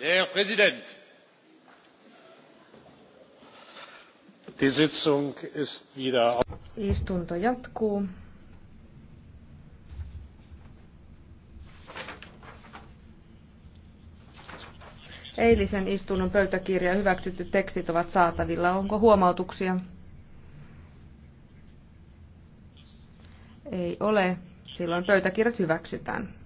herr präsident! istunto jatkuu. eilisen istunnon pöytäkirja ja hyväksytty tekstit ovat saatavilla. onko huomautuksia? ei ole. silloin pöytäkirjat hyväksytään.